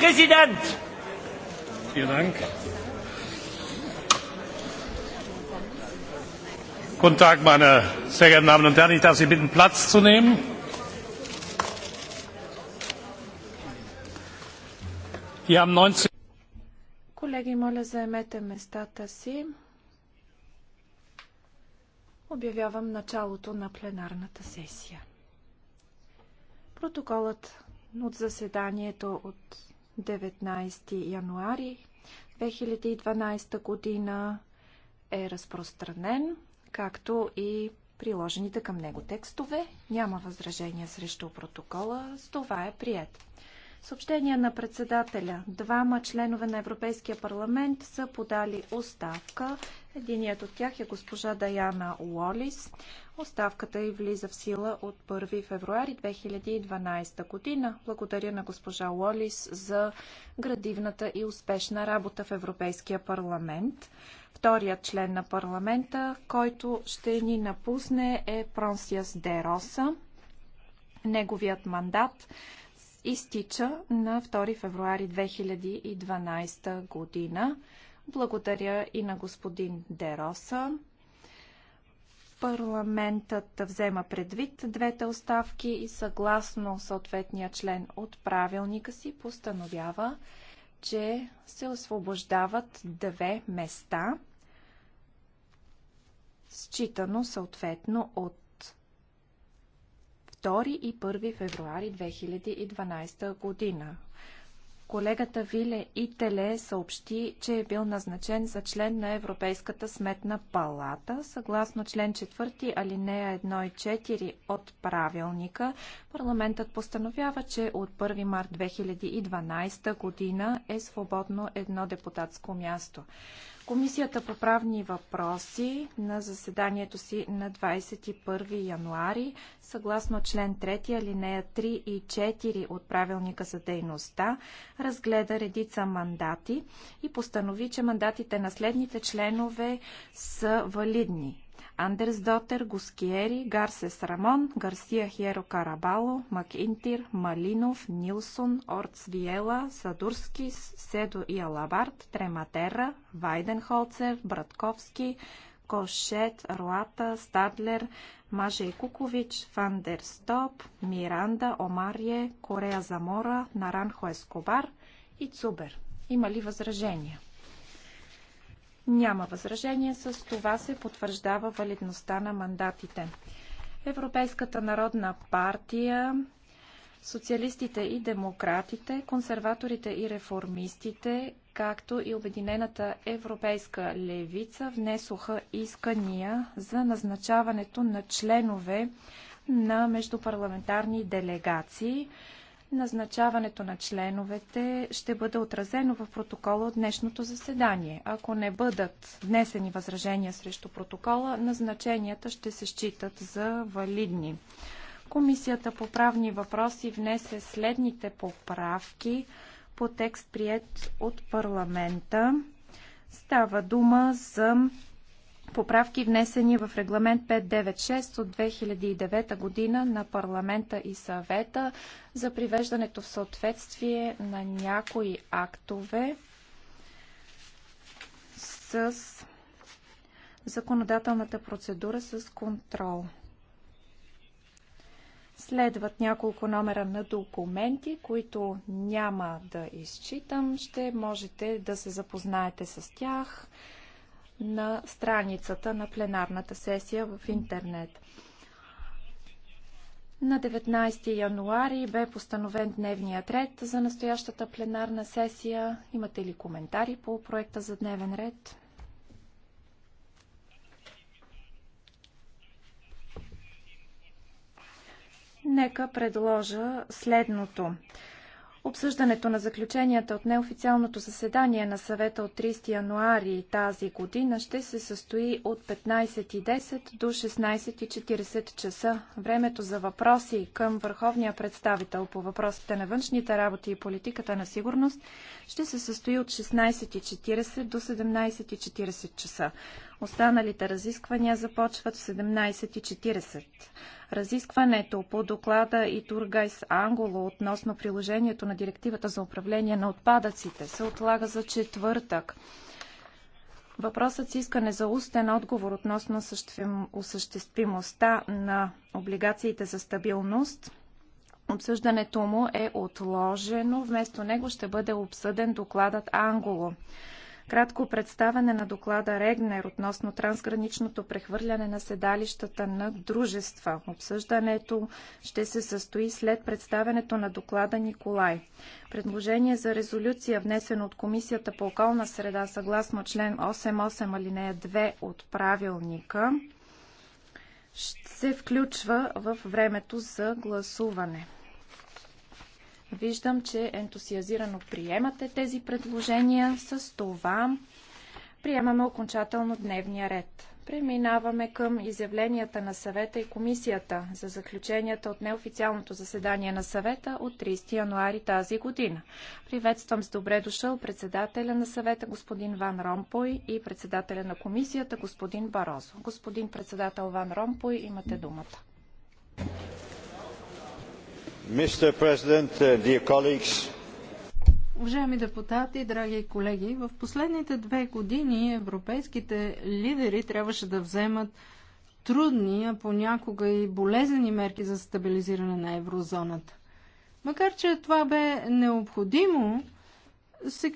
Präsident! Vielen Dank. Guten Tag, meine sehr geehrten Damen und Herren. Ich darf Sie bitten, Platz zu nehmen. Wir haben 19. Колеги, моля заемете местата си. Обявявам началото на пленарната сесия. Протоколът от заседанието от 19 януари 2012 година е разпространен, както и приложените към него текстове. Няма възражения срещу протокола. С това е прият. Съобщение на председателя. Двама членове на Европейския парламент са подали оставка. Единият от тях е госпожа Даяна Уолис. Оставката й влиза в сила от 1 февруари 2012 година. Благодаря на госпожа Уолис за градивната и успешна работа в Европейския парламент. Вторият член на парламента, който ще ни напусне е Пронсиас Дероса. Неговият мандат изтича на 2 февруари 2012 година. Благодаря и на господин Дероса. Парламентът взема предвид двете оставки и съгласно съответния член от правилника си постановява, че се освобождават две места, считано съответно от 2 и 1 февруари 2012 година. Колегата Виле Ителе съобщи, че е бил назначен за член на Европейската сметна палата. Съгласно член 4, алинея 1 и 4 от правилника, парламентът постановява, че от 1 март 2012 година е свободно едно депутатско място. Комисията по правни въпроси на заседанието си на 21 януари, съгласно член 3, алинея 3 и 4 от правилника за дейността, разгледа редица мандати и постанови, че мандатите на следните членове са валидни. Андерс Дотер, Гускиери, Гарсес Рамон, Гарсия Хиеро Карабало, Макинтир, Малинов, Нилсон, Орц Виела, Садурски, Седо и Алабард, Трематера, Вайденхолцер, Братковски, Кошет, Руата, Стадлер, Маже Кукович, Фандер Стоп, Миранда, Омарие, Корея Замора, Наранхо Ескобар и Цубер. Има ли възражения? Няма възражение. С това се потвърждава валидността на мандатите. Европейската народна партия, социалистите и демократите, консерваторите и реформистите, както и Обединената европейска левица внесоха искания за назначаването на членове на междупарламентарни делегации. Назначаването на членовете ще бъде отразено в протокола от днешното заседание. Ако не бъдат внесени възражения срещу протокола, назначенията ще се считат за валидни. Комисията по правни въпроси внесе следните поправки по текст прият от парламента. Става дума за поправки внесени в регламент 596 от 2009 година на парламента и съвета за привеждането в съответствие на някои актове с законодателната процедура с контрол. Следват няколко номера на документи, които няма да изчитам. Ще можете да се запознаете с тях на страницата на пленарната сесия в интернет. На 19 януари бе постановен дневният ред за настоящата пленарна сесия. Имате ли коментари по проекта за дневен ред? Нека предложа следното. Обсъждането на заключенията от неофициалното заседание на съвета от 30 януари тази година ще се състои от 15.10 до 16.40 часа. Времето за въпроси към върховния представител по въпросите на външните работи и политиката на сигурност ще се състои от 16.40 до 17.40 часа. Останалите разисквания започват в 17.40. Разискването по доклада и Тургайс Анголо относно приложението на директивата за управление на отпадъците се отлага за четвъртък. Въпросът с искане за устен отговор относно осъществимостта на облигациите за стабилност Обсъждането му е отложено. Вместо него ще бъде обсъден докладът Анголо. Кратко представяне на доклада Регнер относно трансграничното прехвърляне на седалищата на дружества. Обсъждането ще се състои след представянето на доклада Николай. Предложение за резолюция, внесено от Комисията по околна среда, съгласно член 8.8 алинея 2 от правилника, ще се включва в времето за гласуване. Виждам, че ентусиазирано приемате тези предложения. С това приемаме окончателно дневния ред. Преминаваме към изявленията на съвета и комисията за заключенията от неофициалното заседание на съвета от 30 януари тази година. Приветствам с добре дошъл председателя на съвета господин Ван Ромпой и председателя на комисията господин Барозо. Господин председател Ван Ромпой, имате думата. Mr. President, uh, dear colleagues, Уважаеми депутати, драги колеги, в последните две години европейските лидери трябваше да вземат трудни, а понякога и болезнени мерки за стабилизиране на еврозоната. Макар, че това бе необходимо, сега